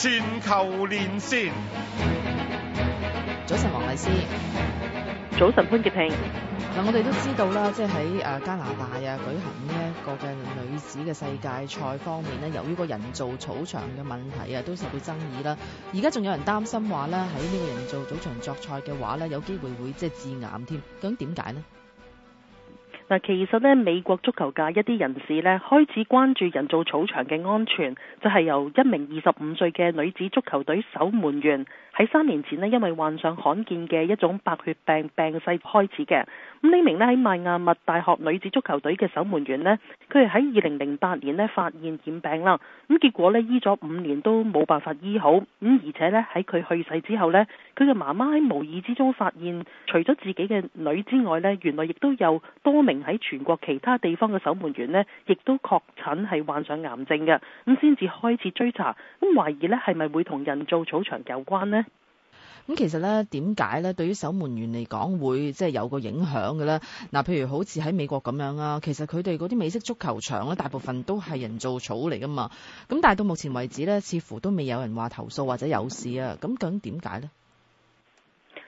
全球連線，早晨黃麗施，早晨潘潔平。嗱，我哋都知道啦，即係喺誒加拿大啊舉行呢一個嘅女子嘅世界賽方面咧，由於個人造草場嘅問題啊，都受到爭議啦。而家仲有人擔心話咧，喺呢個人造草場作賽嘅話咧，有機會會即係致癌添。究竟點解咧？嗱，其實咧，美國足球界一啲人士咧，開始關注人造草場嘅安全，就係由一名二十五歲嘅女子足球隊守門員喺三年前呢，因為患上罕見嘅一種白血病病逝開始嘅。咁呢名呢喺邁亞密大學女子足球隊嘅守門員呢，佢係喺二零零八年呢發現染病啦。咁結果呢，醫咗五年都冇辦法醫好，咁而且呢，喺佢去世之後呢，佢嘅媽媽喺無意之中發現，除咗自己嘅女之外呢，原來亦都有多名。喺全國其他地方嘅守門員呢，亦都確診係患上癌症嘅，咁先至開始追查，咁懷疑呢係咪會同人造草場有關呢？咁其實咧，點解咧？對於守門員嚟講，會即係有個影響嘅咧？嗱，譬如好似喺美國咁樣啊，其實佢哋嗰啲美式足球場咧，大部分都係人造草嚟噶嘛。咁但係到目前為止咧，似乎都未有人話投訴或者有事啊。咁究竟點解呢？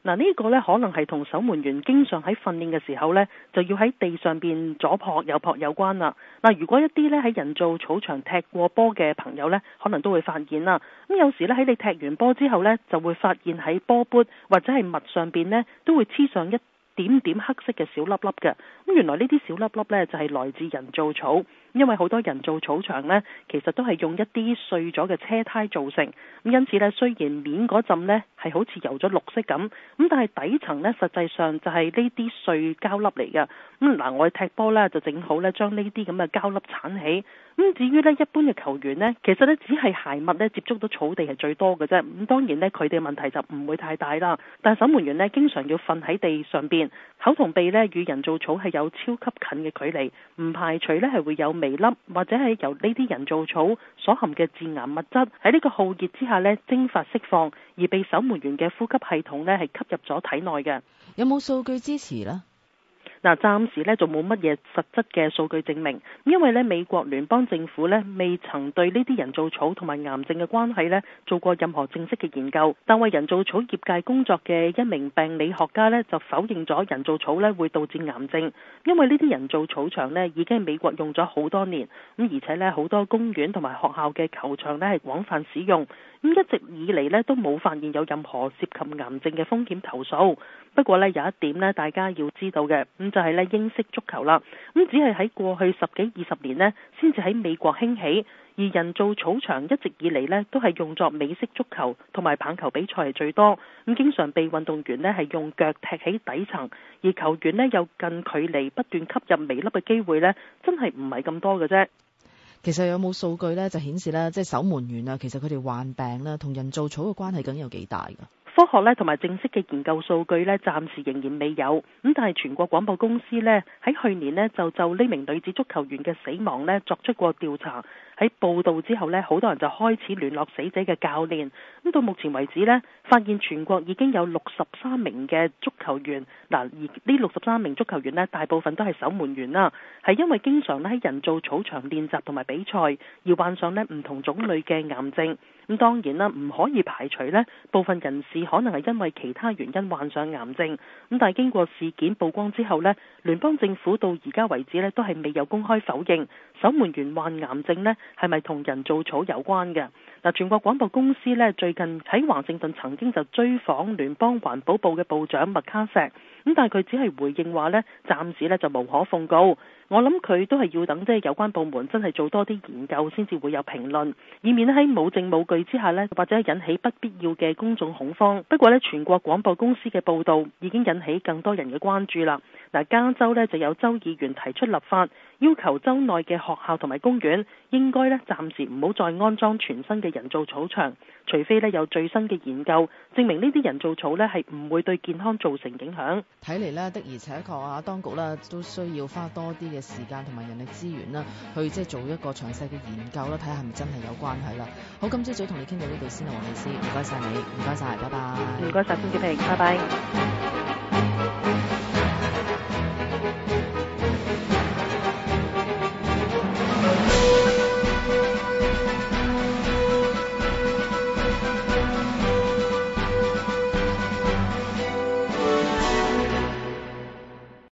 嗱，呢個呢可能係同守門員經常喺訓練嘅時候呢，就要喺地上邊左撲右撲有關啦。嗱，如果一啲呢喺人造草場踢過波嘅朋友呢，可能都會發現啦。咁有時呢，喺你踢完波之後呢，就會發現喺波杯或者係襪上邊呢，都會黐上一點點黑色嘅小粒粒嘅。咁原來呢啲小粒粒呢，就係來自人造草。因為好多人造草場呢，其實都係用一啲碎咗嘅車胎造成，咁因此呢，雖然面嗰浸呢係好似油咗綠色咁，咁但係底層呢實際上就係呢啲碎膠粒嚟㗎。咁、嗯、嗱，我哋踢波呢就整好呢，將呢啲咁嘅膠粒鏟起。嗯、至於呢一般嘅球員呢，其實呢只係鞋襪呢，接觸到草地係最多嘅啫。咁當然呢，佢哋嘅問題就唔會太大啦。但係守門員呢，經常要瞓喺地上邊，口同鼻呢，與人造草係有超級近嘅距離，唔排除呢係會有。微粒或者係由呢啲人造草所含嘅致癌物質，喺呢個酷熱之下咧蒸發釋放，而被守門員嘅呼吸系統咧係吸入咗體內嘅，有冇數據支持咧？嗱，暫時咧就冇乜嘢實質嘅數據證明，因為咧美國聯邦政府咧未曾對呢啲人造草同埋癌症嘅關係咧做過任何正式嘅研究。但為人造草業界工作嘅一名病理學家咧就否認咗人造草咧會導致癌症，因為呢啲人造草場呢已經喺美國用咗好多年，咁而且呢好多公園同埋學校嘅球場呢係廣泛使用，咁一直以嚟呢都冇發現有任何涉及癌症嘅風險投訴。不過呢有一點呢大家要知道嘅，就係咧英式足球啦，咁只係喺過去十幾二十年咧，先至喺美國興起。而人造草場一直以嚟咧，都係用作美式足球同埋棒球比賽係最多，咁經常被運動員咧係用腳踢起底層，而球員咧有近距離不斷吸入微粒嘅機會咧，真係唔係咁多嘅啫。其實有冇數據呢？就顯示呢，即係守門員啊，其實佢哋患病啦，同人造草嘅關係究竟有幾大噶？科學咧同埋正式嘅研究數據咧，暫時仍然未有。咁但係全國廣播公司咧喺去年咧就就呢名女子足球員嘅死亡咧作出過調查。喺報道之後咧，好多人就開始聯絡死者嘅教練。咁到目前為止咧，發現全國已經有六十三名嘅足球員嗱，而呢六十三名足球員咧大部分都係守門員啦，係因為經常咧喺人造草場練習同埋比賽要患上咧唔同種類嘅癌症。咁當然啦，唔可以排除呢部分人士可能係因為其他原因患上癌症。咁但係經過事件曝光之後呢，聯邦政府到而家為止呢都係未有公開否認守門員患癌症呢係咪同人造草有關嘅。嗱，全國廣播公司呢最近喺華盛頓曾經就追訪聯邦環保部嘅部長麥卡錫，咁但係佢只係回應話呢，暫時呢就無可奉告。我諗佢都係要等即係有關部門真係做多啲研究先至會有評論，以免喺冇證冇據之下呢，或者引起不必要嘅公眾恐慌。不過呢，全國廣播公司嘅報道已經引起更多人嘅關注啦。嗱，加州呢就有州議員提出立法，要求州內嘅學校同埋公園應該呢暫時唔好再安裝全新嘅人造草場，除非呢有最新嘅研究證明呢啲人造草呢係唔會對健康造成影響。睇嚟呢的而且確啊，當局呢都需要花多啲嘅時間同埋人力資源啦，去即係做一個詳細嘅研究啦，睇下係咪真係有關係啦。好，今朝早同你傾到呢度先啦，黃麗施，唔該晒，你，唔該晒。拜拜。唔該晒。潘潔平，拜拜。